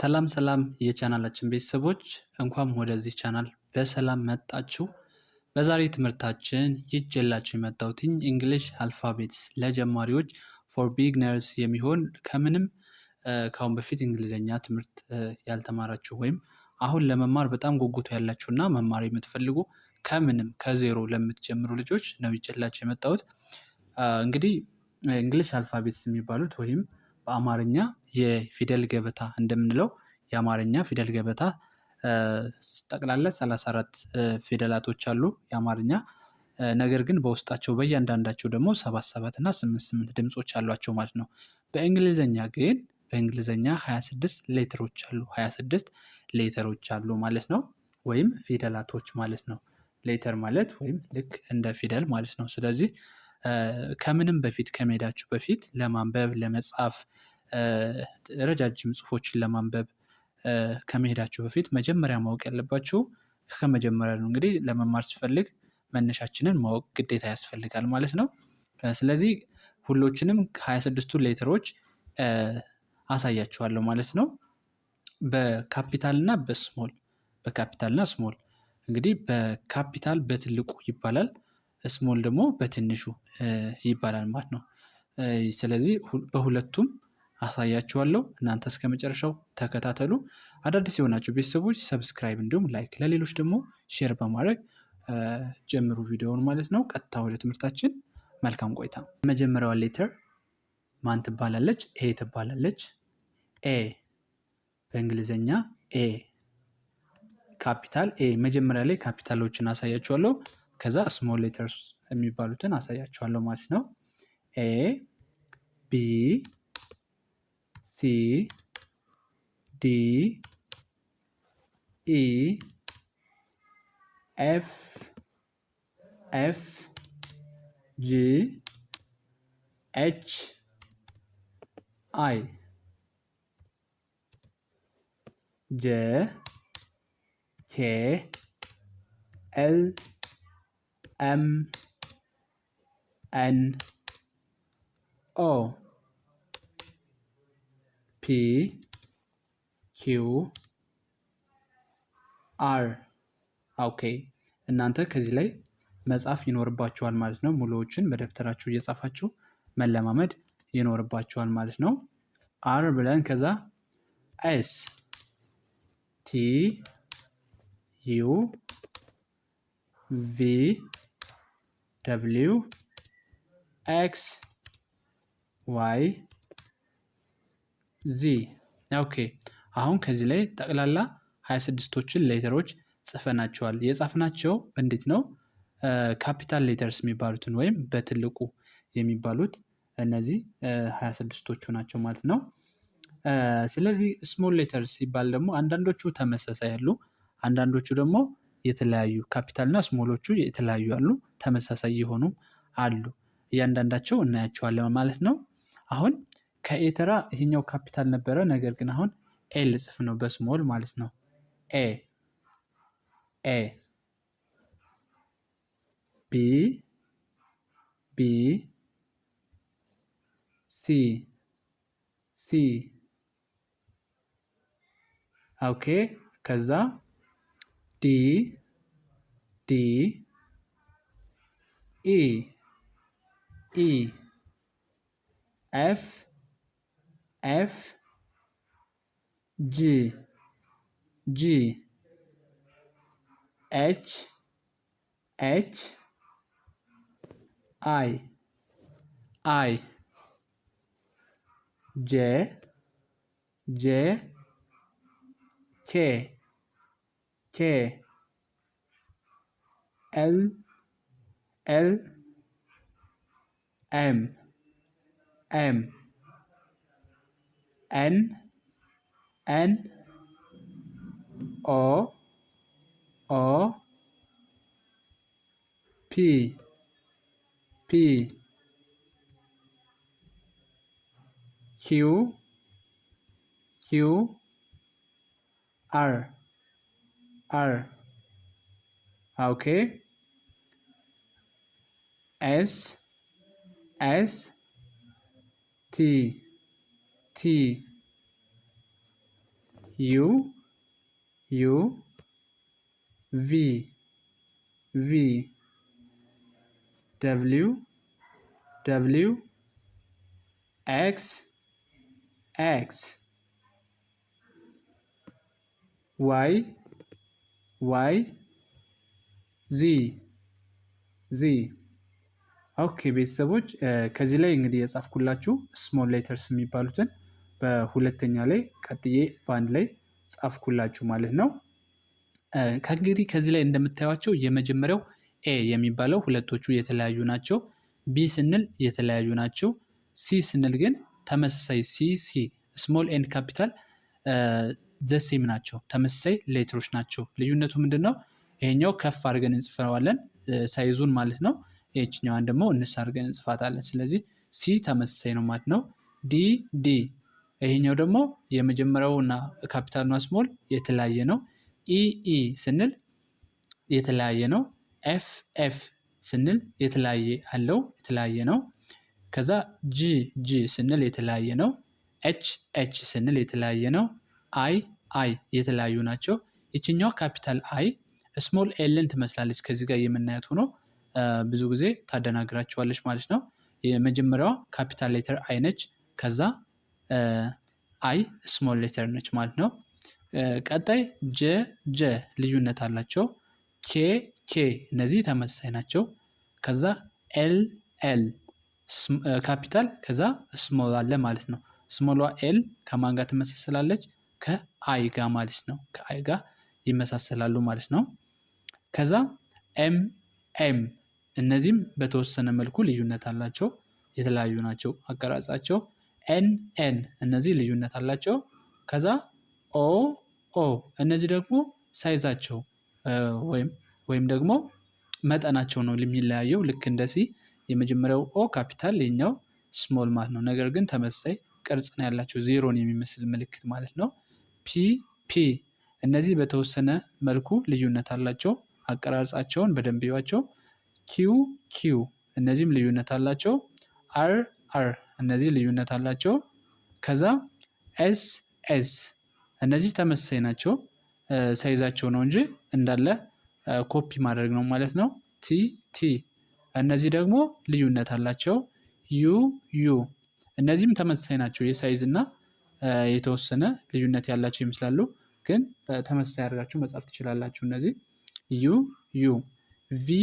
ሰላም ሰላም የቻናላችን ቤተሰቦች እንኳን ወደዚህ ቻናል በሰላም መጣችሁ። በዛሬ ትምህርታችን ይጀላችሁ የመጣሁትኝ እንግሊሽ አልፋቤትስ ለጀማሪዎች ፎር ቢግነርስ የሚሆን ከምንም ከአሁን በፊት እንግሊዝኛ ትምህርት ያልተማራችሁ ወይም አሁን ለመማር በጣም ጉጉቱ ያላችሁ እና መማር የምትፈልጉ ከምንም ከዜሮ ለምትጀምሩ ልጆች ነው ይዤላችሁ የመጣሁት። እንግዲህ እንግሊሽ አልፋቤትስ የሚባሉት ወይም በአማርኛ የፊደል ገበታ እንደምንለው የአማርኛ ፊደል ገበታ ጠቅላላ 34 ፊደላቶች አሉ የአማርኛ። ነገር ግን በውስጣቸው በእያንዳንዳቸው ደግሞ 77 ሰባት እና 88 ስምንት ድምፆች አሏቸው ማለት ነው። በእንግሊዝኛ ግን በእንግሊዝኛ 26 ሌተሮች አሉ 26 ሌተሮች አሉ ማለት ነው። ወይም ፊደላቶች ማለት ነው። ሌተር ማለት ወይም ልክ እንደ ፊደል ማለት ነው። ስለዚህ ከምንም በፊት ከመሄዳችሁ በፊት ለማንበብ፣ ለመጻፍ፣ ረጃጅም ጽሁፎችን ለማንበብ ከመሄዳችሁ በፊት መጀመሪያ ማወቅ ያለባችሁ ከመጀመሪያ ነው። እንግዲህ ለመማር ሲፈልግ መነሻችንን ማወቅ ግዴታ ያስፈልጋል ማለት ነው። ስለዚህ ሁሎችንም ከሀያ ስድስቱ ሌተሮች አሳያችኋለሁ ማለት ነው። በካፒታል እና በስሞል በካፒታል እና ስሞል እንግዲህ በካፒታል በትልቁ ይባላል። ስሞል ደግሞ በትንሹ ይባላል ማለት ነው። ስለዚህ በሁለቱም አሳያችኋለሁ። እናንተ እስከ መጨረሻው ተከታተሉ። አዳዲስ የሆናችሁ ቤተሰቦች ሰብስክራይብ፣ እንዲሁም ላይክ፣ ለሌሎች ደግሞ ሼር በማድረግ ጀምሩ ቪዲዮውን ማለት ነው። ቀጥታ ወደ ትምህርታችን መልካም ቆይታ። መጀመሪያዋ ሌተር ማን ትባላለች? ኤ ትባላለች። ኤ በእንግሊዝኛ ኤ ካፒታል ኤ። መጀመሪያ ላይ ካፒታሎችን አሳያችኋለሁ። ከዛ ስሞል ሌተርስ የሚባሉትን አሳያችኋለሁ ማለት ነው። ኤ ቢ ሲ ዲ ኢ ኤፍ ኤፍ ጂ ኤች አይ ጄ ኬ ኤል ኤም ኤን ኦ ፒ ኪው አር ኦኬ። እናንተ ከዚህ ላይ መጻፍ ይኖርባችኋል ማለት ነው። ሙሉዎችን በደብተራችሁ እየጻፋችሁ መለማመድ ይኖርባችኋል ማለት ነው። አር ብለን ከዛ ኤስ ቲ ዩ ቪ ደብሊው ኤክስ ዋይ ዚ። ኦኬ አሁን ከዚህ ላይ ጠቅላላ 26ቶችን ሌተሮች ጽፈናቸዋል። የጻፍናቸው እንዴት ነው? ካፒታል ሌተርስ የሚባሉትን ወይም በትልቁ የሚባሉት እነዚህ 26ቶቹ ናቸው ማለት ነው። ስለዚህ ስሞል ሌተርስ ሲባል ደግሞ አንዳንዶቹ ተመሳሳይ ያሉ፣ አንዳንዶቹ ደግሞ የተለያዩ ካፒታልና ስሞሎቹ የተለያዩ አሉ፣ ተመሳሳይ የሆኑ አሉ። እያንዳንዳቸው እናያቸዋለን ማለት ነው። አሁን ከኤተራ ይሄኛው ካፒታል ነበረ፣ ነገር ግን አሁን ኤ ልጽፍ ነው በስሞል ማለት ነው። ኤ ኤ ቢ ቢ ሲ ሲ ኦኬ ከዛ D, D, E, E, F, F, G, G, H, H, I, I, J, J, K. K L L M M N N O O P P Q Q R R. Ah, okay. S S T T U U V V W W X X Y ዋይ ዚ ዚ ኦኬ ቤተሰቦች ከዚህ ላይ እንግዲህ የጻፍኩላችሁ ስሞል ሌተርስ የሚባሉትን በሁለተኛ ላይ ቀጥዬ በአንድ ላይ ጻፍኩላችሁ ማለት ነው። ከእንግዲህ ከዚህ ላይ እንደምታዩቸው የመጀመሪያው ኤ የሚባለው ሁለቶቹ የተለያዩ ናቸው። ቢ ስንል የተለያዩ ናቸው። ሲ ስንል ግን ተመሳሳይ ሲ ሲ ስሞል ኤንድ ካፒታል ዘሴም ናቸው፣ ተመሳሳይ ሌትሮች ናቸው። ልዩነቱ ምንድን ነው? ይሄኛው ከፍ አድርገን እንጽፈዋለን ሳይዙን ማለት ነው። ይችኛዋን ደግሞ እንስ አድርገን እንጽፋታለን። ስለዚህ ሲ ተመሳሳይ ነው ማለት ነው። ዲ ዲ ይሄኛው ደግሞ የመጀመሪያው እና ካፒታልና ስሞል የተለያየ ነው። ኢ ኢ ስንል የተለያየ ነው። ኤፍ ኤፍ ስንል የተለያየ አለው የተለያየ ነው። ከዛ ጂ ጂ ስንል የተለያየ ነው። ኤች ኤች ስንል የተለያየ ነው። አይ አይ የተለያዩ ናቸው። ይችኛዋ ካፒታል አይ ስሞል ኤልን ትመስላለች ከዚህ ጋር የምናያት ሆኖ ብዙ ጊዜ ታደናግራቸዋለች ማለት ነው። የመጀመሪያዋ ካፒታል ሌተር አይ ነች። ከዛ አይ ስሞል ሌተር ነች ማለት ነው። ቀጣይ ጀ ጀ ልዩነት አላቸው። ኬ ኬ እነዚህ ተመሳሳይ ናቸው። ከዛ ኤል ኤል ካፒታል ከዛ ስሞል አለ ማለት ነው። ስሞሏ ኤል ከማን ጋር ትመሳሰላለች? ከአይ ጋ ማለት ነው። ከአይ ጋ ይመሳሰላሉ ማለት ነው። ከዛ ኤም ኤም እነዚህም በተወሰነ መልኩ ልዩነት አላቸው፣ የተለያዩ ናቸው አቀራጻቸው። ኤን ኤን እነዚህ ልዩነት አላቸው። ከዛ ኦ ኦ እነዚህ ደግሞ ሳይዛቸው ወይም ወይም ደግሞ መጠናቸው ነው የሚለያየው። ልክ እንደዚህ የመጀመሪያው ኦ ካፒታል ኛው ስሞል ማለት ነው። ነገር ግን ተመሳሳይ ቅርጽ ነው ያላቸው ዜሮን የሚመስል ምልክት ማለት ነው። ፒ ፒ እነዚህ በተወሰነ መልኩ ልዩነት አላቸው። አቀራርጻቸውን በደንብ ይዋቸው። ኪው ኪው እነዚህም ልዩነት አላቸው። አር አር እነዚህ ልዩነት አላቸው። ከዛ ኤስ ኤስ እነዚህ ተመሳሳይ ናቸው። ሳይዛቸው ነው እንጂ እንዳለ ኮፒ ማድረግ ነው ማለት ነው። ቲ ቲ እነዚህ ደግሞ ልዩነት አላቸው። ዩ ዩ እነዚህም ተመሳሳይ ናቸው የሳይዝ እና የተወሰነ ልዩነት ያላቸው ይመስላሉ፣ ግን ተመሳሳይ አድርጋችሁ መጻፍ ትችላላችሁ። እነዚህ ዩ ዩ፣ ቪ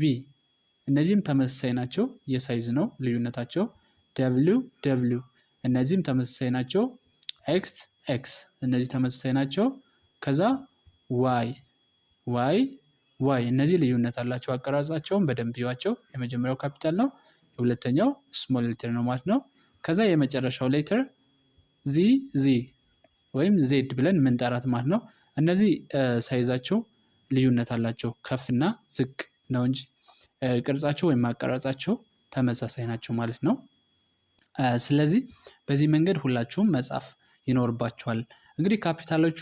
ቪ፣ እነዚህም ተመሳሳይ ናቸው። የሳይዝ ነው ልዩነታቸው። ደብሊው ደብሊው፣ እነዚህም ተመሳሳይ ናቸው። ኤክስ ኤክስ፣ እነዚህ ተመሳሳይ ናቸው። ከዛ ዋይ ዋይ ዋይ እነዚህ ልዩነት አላቸው። አቀራጻቸውን በደንብ ይዋቸው። የመጀመሪያው ካፒታል ነው፣ የሁለተኛው ስሞል ሌተር ነው ማለት ነው። ከዛ የመጨረሻው ሌተር ዚ ዚ ወይም ዜድ ብለን ምንጠራት ማለት ነው። እነዚህ ሳይዛቸው ልዩነት አላቸው። ከፍና ዝቅ ነው እንጂ ቅርጻቸው ወይም አቀራጻቸው ተመሳሳይ ናቸው ማለት ነው። ስለዚህ በዚህ መንገድ ሁላችሁም መጻፍ ይኖርባቸዋል። እንግዲህ ካፒታሎቹ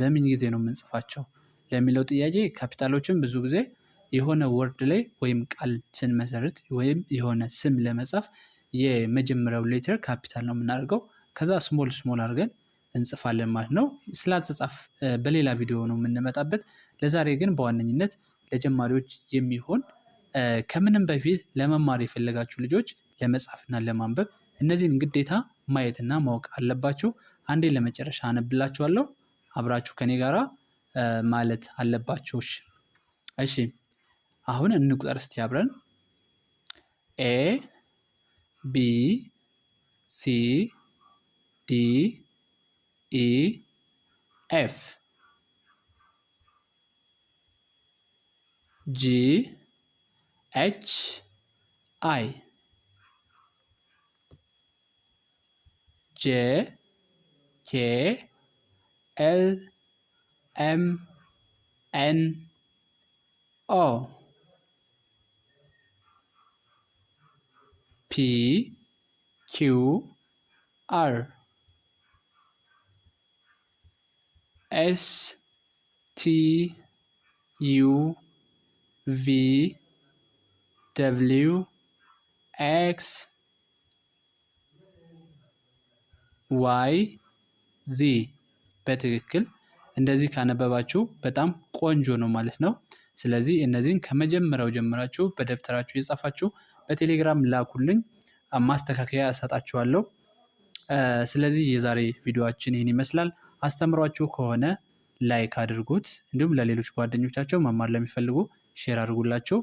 በምን ጊዜ ነው የምንጽፋቸው ለሚለው ጥያቄ ካፒታሎችን ብዙ ጊዜ የሆነ ወርድ ላይ ወይም ቃል ስንመሰርት ወይም የሆነ ስም ለመጻፍ የመጀመሪያው ሌተር ካፒታል ነው የምናደርገው። ከዛ ስሞል ስሞል አድርገን እንጽፋለን ማለት ነው። ስለ አጻጻፍ በሌላ ቪዲዮ ነው የምንመጣበት። ለዛሬ ግን በዋነኝነት ለጀማሪዎች የሚሆን ከምንም በፊት ለመማር የፈለጋችሁ ልጆች ለመጻፍና ለማንበብ እነዚህን ግዴታ ማየትና ማወቅ አለባችሁ። አንዴ ለመጨረሻ አነብላችኋለሁ። አብራችሁ ከኔ ጋራ ማለት አለባችሁ። እሺ አሁን እንቁጠር እስቲ አብረን ኤ ቢ ሲ D E F G H I J K L M N O P Q R ኤስ ቲ ዩ ቪ ደብሊው ኤክስ ዋይ ዚ በትክክል እንደዚህ ካነበባችሁ በጣም ቆንጆ ነው ማለት ነው። ስለዚህ እነዚህን ከመጀመሪያው ጀምራችሁ በደብተራችሁ እየጻፋችሁ በቴሌግራም ላኩልኝ፣ ማስተካከያ እሰጣችኋለሁ። ስለዚህ የዛሬ ቪዲዮአችን ይህን ይመስላል። አስተምሯችሁ ከሆነ ላይክ አድርጉት። እንዲሁም ለሌሎች ጓደኞቻቸው መማር ለሚፈልጉ ሼር አድርጉላቸው።